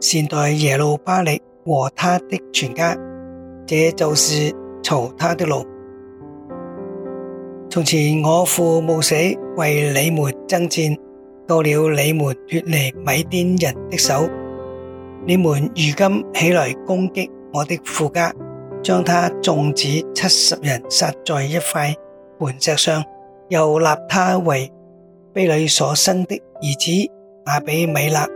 善待耶路巴力和他的全家，這就是酬他的勞。從前我父冒死為你們爭戰，到了你們脫離米甸人的手，你們如今起來攻擊我的父家，將他眾子七十人殺在一塊磐石上，又立他為婢女所生的兒子亞比米勒。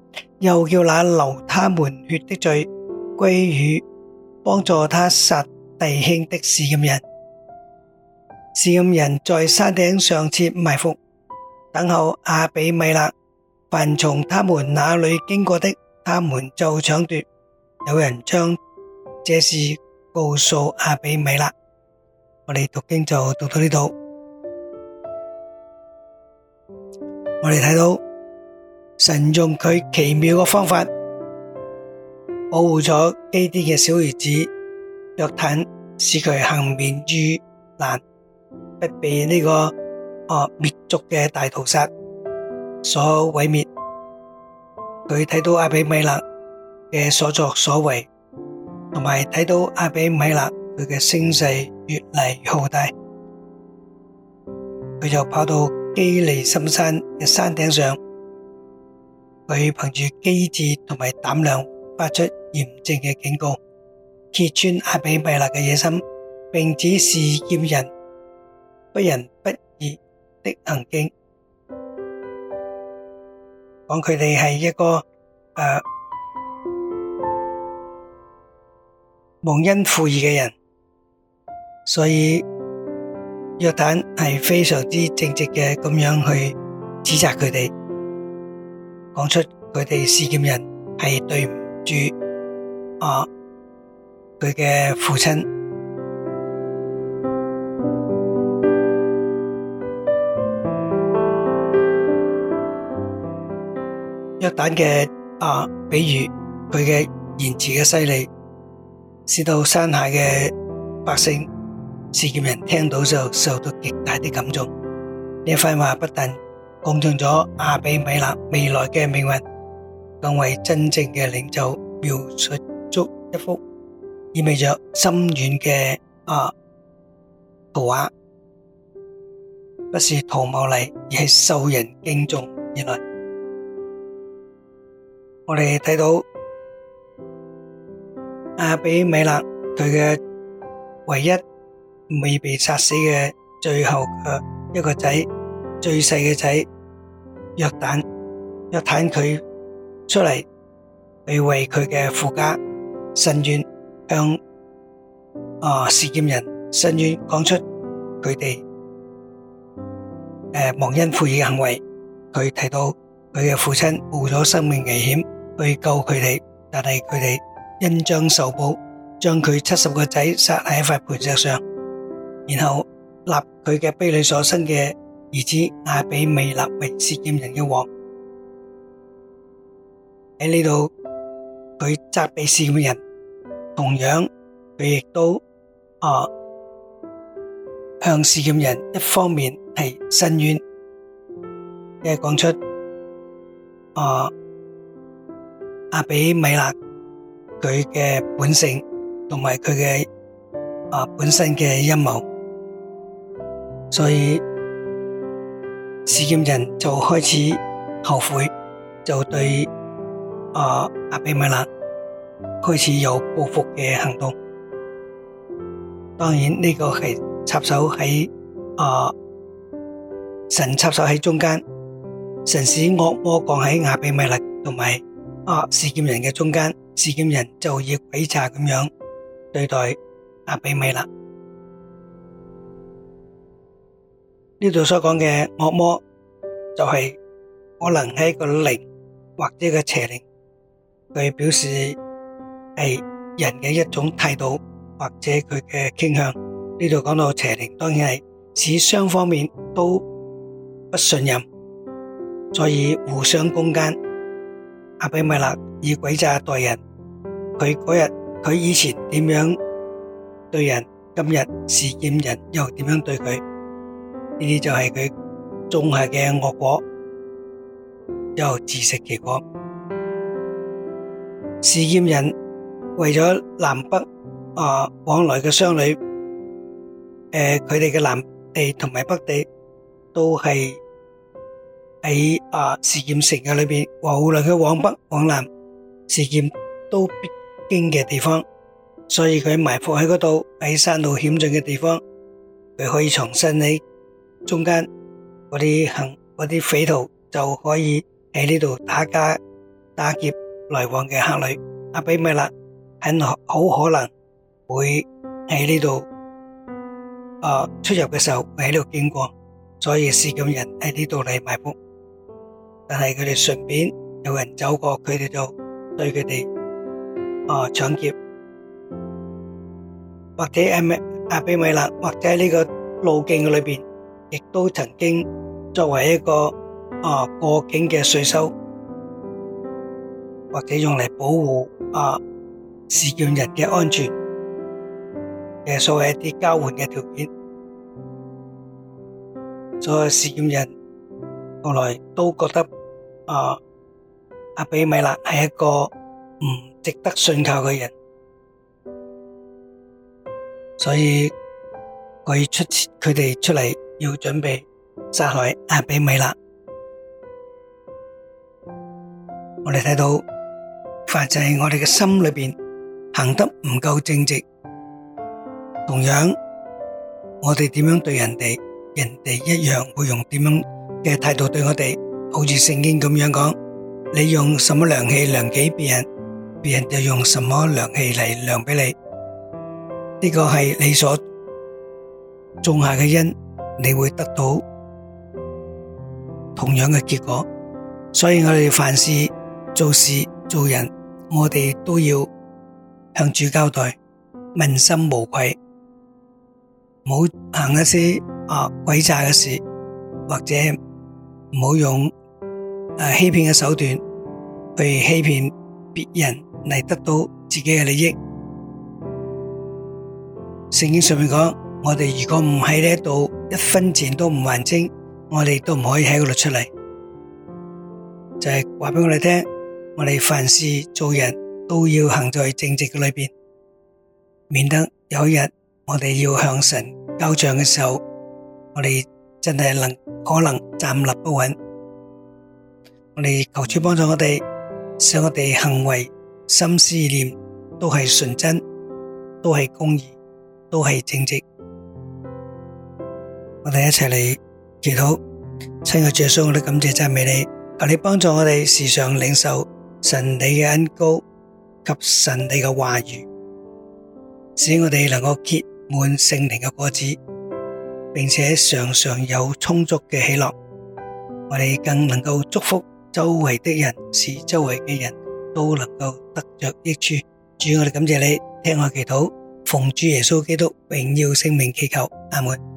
又叫那流他們血的罪歸於幫助他殺弟兄的示劍人。示劍人在山頂上設埋伏，等候阿比米勒，凡從他們那裏經過的，他們就搶奪。有人將這事告訴阿比米勒。我哋讀經就讀到呢度，我哋睇到。神用佢奇妙嘅方法保護咗基甸嘅小兒子約坦，使佢幸免於難，不被呢個啊滅族嘅大屠殺所毀滅。佢睇到阿比米勒嘅所作所為，同埋睇到阿比米勒佢嘅聲勢越嚟越浩大，佢就跑到基利心山嘅山頂上。佢憑住機智同埋膽量，發出嚴正嘅警告，揭穿阿比米勒嘅野心，並指示劍人不仁不義的行徑，講佢哋係一個誒忘恩負義嘅人，所以約旦係非常之正直嘅咁樣去指責佢哋。講出佢哋施劍人係對唔住啊佢嘅父親，一旦嘅啊，比如佢嘅言辭嘅犀利，使到山下嘅百姓施劍人聽到就受到極大嘅感觸。呢一番話不但，講述咗阿比米勒未來嘅命運，更為真正嘅領袖描繪出一幅意味著深遠嘅啊圖畫，不是圖謀利益，而係受人敬重。原來我哋睇到阿比米勒佢嘅唯一未被殺死嘅最後一個仔，最細嘅仔。約坦，約坦佢出嚟去為佢嘅父家申冤，向啊示劍人申冤，講出佢哋誒忘恩負義嘅行為。佢提到佢嘅父親冒咗生命危險去救佢哋，但係佢哋恩將仇報，將佢七十個仔殺喺塊磐石上，然後立佢嘅婢女所生嘅。而指亞比米勒為示劍人嘅王喺呢度，佢責備示劍人，同樣佢亦都啊、呃、向示劍人一方面係申冤，即係講出啊亞、呃、比米勒佢嘅本性同埋佢嘅啊本身嘅陰謀，所以。示劍人就開始後悔，就對阿阿比米勒開始有報復嘅行動。當然呢個係插手喺啊神插手喺中間，神使惡魔降喺阿比米勒同埋阿示劍人嘅中間，示劍人就以詭詐咁樣對待阿比米勒。呢度所講嘅惡魔，就係可能係個靈或者個邪靈，佢表示係人嘅一種態度或者佢嘅傾向。呢度講到邪靈，當然係使雙方面都不信任，所以互相攻擊。阿比米勒以詭詐待人，佢嗰日佢以前點樣對人，今日是見人又點樣對佢。呢啲就係佢種下嘅惡果，又自食其果。市建人為咗南北啊往來嘅商旅，誒，佢哋嘅南地同埋北地都係喺啊市建城嘅裏邊，無論佢往北往南，市建都必經嘅地方，所以佢埋伏喺嗰度，喺山路險峻嘅地方，佢可以藏身喺。中間嗰啲行嗰啲匪徒就可以喺呢度打家打劫來往嘅客旅阿比米勒，很好可能會喺呢度誒出入嘅時候喺度經過，所以示劍人喺呢度嚟埋伏，但係佢哋順便有人走過，佢哋就對佢哋誒搶劫，或者係咪阿比米勒，或者呢個路徑嘅裏邊。亦都曾經作為一個啊過境嘅稅收，或者用嚟保護啊示劍人嘅安全嘅所謂一啲交換嘅條件。所謂示劍人後來都覺得啊阿比米勒係一個唔值得信靠嘅人，所以佢出佢哋出嚟。要準備殺害亞比米勒。我哋睇到，凡係我哋嘅心裏邊行得唔夠正直，同樣我哋點樣對人哋，人哋一樣會用點樣嘅態度對我哋。好似聖經咁樣講，你用什麼量器量俾別人，別人就用什麼量器嚟量俾你。呢個係你所種下嘅因。你會得到同樣嘅結果，所以我哋凡事做事做人，我哋都要向主交代，問心無愧，唔好行一些啊詭詐嘅事，或者唔好用誒欺騙嘅手段去欺騙別人嚟得到自己嘅利益。聖經上面講。我哋如果唔喺呢度一分錢都唔還清，我哋都唔可以喺嗰度出嚟。就係話俾我哋聽，我哋凡事做人都要行在正直嘅裏面。免得有一日我哋要向神交賬嘅時候，我哋真係能可能站立不穩。我哋求主幫助我哋，使我哋行為、心思念都係純真，都係公義，都係正直。我哋一齊嚟祈禱，親愛主耶穌，我哋感謝讚美你，求你幫助我哋時常領受神你嘅恩膏及神你嘅話語，使我哋能夠結滿聖靈嘅果子，並且常常有充足嘅喜樂。我哋更能夠祝福周圍嘅人，使周圍嘅人都能夠得着益處。主，我哋感謝你聽我祈禱，奉主耶穌基督榮耀聖名祈求，阿門。